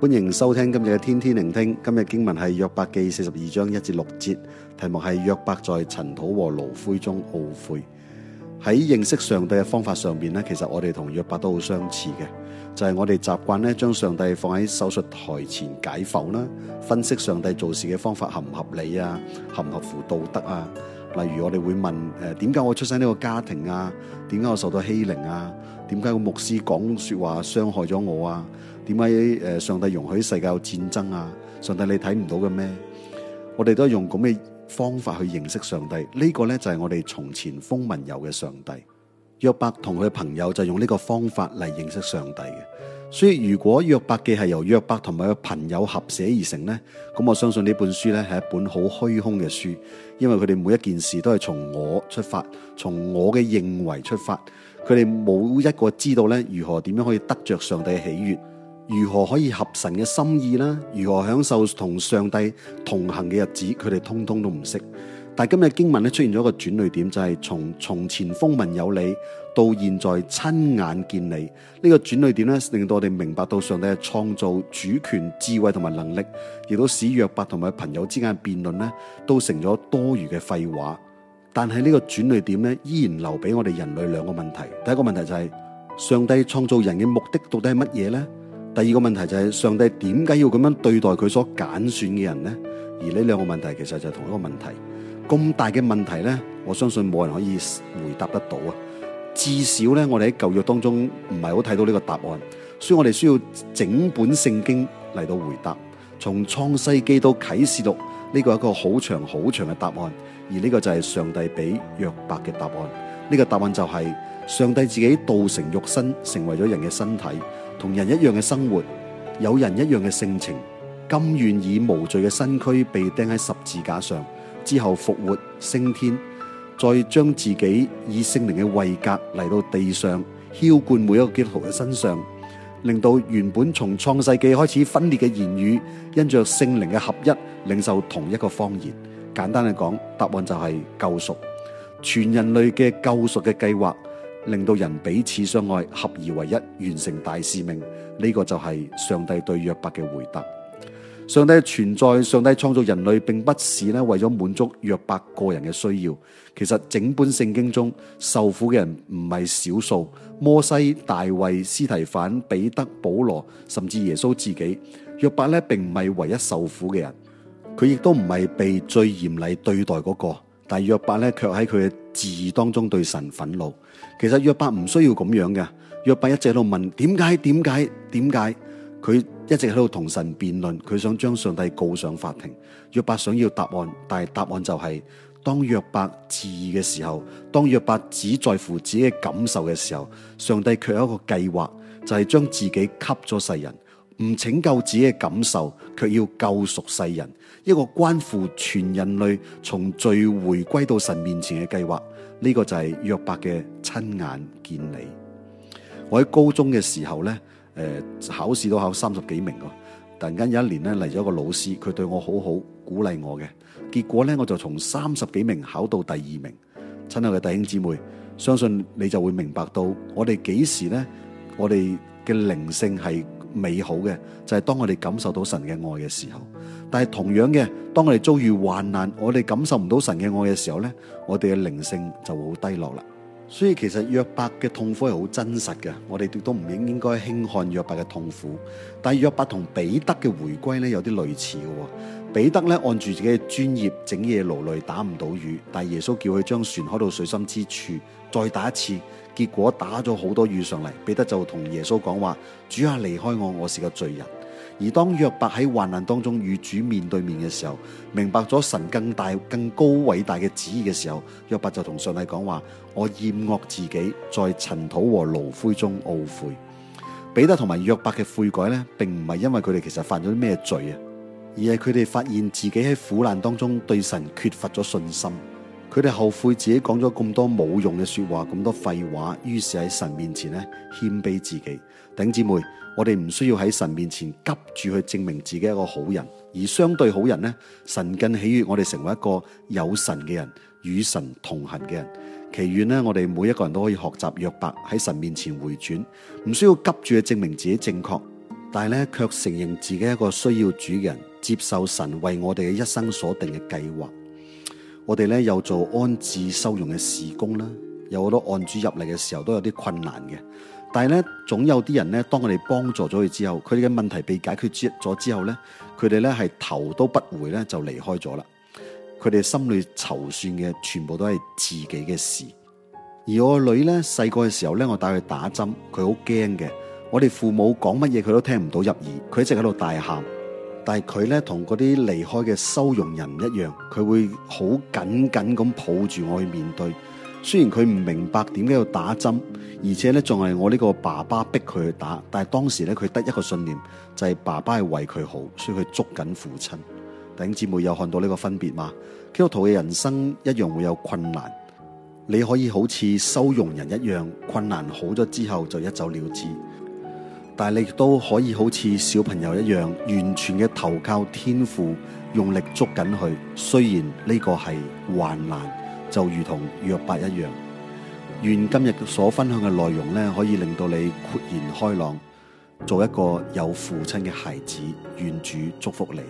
歡迎收聽今日嘅天天聆聽。今日經文係約伯記四十二章一至六節，題目係約伯在塵土和爐灰中懊悔。喺認識上帝嘅方法上邊咧，其實我哋同約伯都好相似嘅，就係我哋習慣咧將上帝放喺手術檯前解剖啦，分析上帝做事嘅方法合唔合理啊，合唔合乎道德啊。例如我哋會問誒，點解我出生呢個家庭啊？點解我受到欺凌啊？點解個牧師講說話傷害咗我啊？點解誒上帝容許世界有戰爭啊？上帝你睇唔到嘅咩？我哋都係用咁嘅方法去認識上帝。呢、呢個咧就係我哋從前風聞有嘅上帝。約伯同佢嘅朋友就係用呢個方法嚟認識上帝嘅。所以如果約伯記係由約伯同埋佢朋友合寫而成咧，咁我相信呢本書咧係一本好虛空嘅書，因為佢哋每一件事都係從我出發，從我嘅認為出發。佢哋冇一個知道咧，如何點樣可以得着上帝嘅喜悅，如何可以合神嘅心意啦，如何享受同上帝同行嘅日子，佢哋通通都唔識。但係今日經文咧出現咗一個轉捩點，就係從從前風聞有你，到現在親眼見你。呢、這個轉捩點咧，令到我哋明白到上帝係創造主權、智慧同埋能力，亦都使約伯同埋朋友之間嘅辯論咧，都成咗多餘嘅廢話。但係呢個轉捩點咧，依然留俾我哋人類兩個問題。第一個問題就係上帝創造人嘅目的到底係乜嘢咧？第二個問題就係上帝點解要咁樣對待佢所揀選嘅人咧？而呢兩個問題其實就係同一個問題。咁大嘅問題咧，我相信冇人可以回答得到啊！至少咧，我哋喺舊約當中唔係好睇到呢個答案，所以我哋需要整本聖經嚟到回答，從創世記到啟示錄。呢、這個係一個好長好長嘅答案，而呢個就係上帝俾約伯嘅答案。呢、這個答案就係、是、上帝自己道成肉身，成為咗人嘅身體，同人一樣嘅生活，有人一樣嘅性情，甘願以無罪嘅身軀被釘喺十字架上，之後復活升天，再將自己以聖靈嘅位格嚟到地上，澆灌每一個基督徒嘅身上。令到原本從創世記開始分裂嘅言語，因着聖靈嘅合一，領受同一個方言。簡單嚟講，答案就係救贖，全人類嘅救贖嘅計劃，令到人彼此相愛，合而為一，完成大使命。呢、這個就係上帝對約伯嘅回答。上帝存在，上帝創造人類，並不是咧為咗滿足約伯個人嘅需要。其實整本聖經中受苦嘅人唔係少數，摩西、大衛、司提反、彼得、保羅，甚至耶穌自己。約伯咧並唔係唯一受苦嘅人，佢亦都唔係被最嚴厲對待嗰個。但係約伯咧卻喺佢嘅自義當中對神憤怒。其實約伯唔需要咁樣嘅，約伯一直喺度問點解點解點解佢，為什麼為什麼為什麼一直喺度同神辯論，佢想將上帝告上法庭。約伯想要答案，但係答案就係：當約伯自義嘅時候，當約伯只在乎自己嘅感受嘅時候，上帝卻有一個計劃，就係將自己給咗世人，唔拯救自己嘅感受，卻要救贖世人。一個關乎全人類從罪回歸到神面前嘅計劃，呢個就係約伯嘅親眼見你。我喺高中嘅時候咧。誒，考試都考三十幾名嘅，突然間有一年咧，嚟咗個老師，佢對我好好，鼓勵我嘅，結果咧我就從三十幾名考到第二名。親愛嘅弟兄姊妹，相信你就會明白到，我哋幾時咧，我哋嘅靈性係美好嘅，就係當我哋感受到神嘅愛嘅時候。但係同樣嘅，當我哋遭遇患難，我哋感受唔到神嘅愛嘅時候咧，我哋嘅靈性就會好低落啦。所以其實約伯嘅痛苦係好真實嘅，我哋都唔應應該輕看約伯嘅痛苦。但約伯同彼得嘅回歸咧有啲類似嘅。彼得咧按住自己嘅專業，整夜勞累打唔到魚，但耶穌叫佢將船開到水深之處，再打一次，結果打咗好多魚上嚟。彼得就同耶穌講話：主啊，離開我，我是個罪人。而當約伯喺患難當中與主面對面嘅時候，明白咗神更大、更高偉大嘅旨意嘅時候，約伯就同上帝講話：我厭惡自己，在塵土和爐灰中懊悔。彼得同埋約伯嘅悔改咧，並唔係因為佢哋其實犯咗啲咩罪啊，而係佢哋發現自己喺苦難當中對神缺乏咗信心。佢哋後悔自己講咗咁多冇用嘅說話，咁多廢話，於是喺神面前呢謙卑自己。弟兄姊妹，我哋唔需要喺神面前急住去證明自己一個好人，而相對好人呢，神更喜悅我哋成為一個有神嘅人，與神同行嘅人。祈願呢，我哋每一個人都可以學習約伯喺神面前回轉，唔需要急住去證明自己正確，但係呢，卻承認自己一個需要主嘅人，接受神為我哋嘅一生所定嘅計劃。我哋咧有做安置收容嘅事工啦，有好多案主入嚟嘅時候都有啲困難嘅，但係咧總有啲人咧，當我哋幫助咗佢之後，佢哋嘅問題被解決之咗之後咧，佢哋咧係頭都不回咧就離開咗啦，佢哋心裏籌算嘅全部都係自己嘅事。而我女咧細個嘅時候咧，我帶佢打針，佢好驚嘅，我哋父母講乜嘢佢都聽唔到入耳，佢一直喺度大喊。但係佢咧同嗰啲離開嘅收容人唔一樣，佢會好緊緊咁抱住我去面對。雖然佢唔明白點解要打針，而且咧仲係我呢個爸爸逼佢去打。但係當時咧佢得一個信念，就係、是、爸爸係為佢好，所以佢捉緊父親。弟兄姊妹有看到呢個分別嗎？基督徒嘅人生一樣會有困難，你可以好似收容人一樣，困難好咗之後就一走了之。但你亦都可以好似小朋友一樣，完全嘅投靠天父，用力捉緊佢。雖然呢個係患難，就如同約伯一樣。願今日所分享嘅內容咧，可以令到你豁然開朗，做一個有父親嘅孩子。願主祝福你。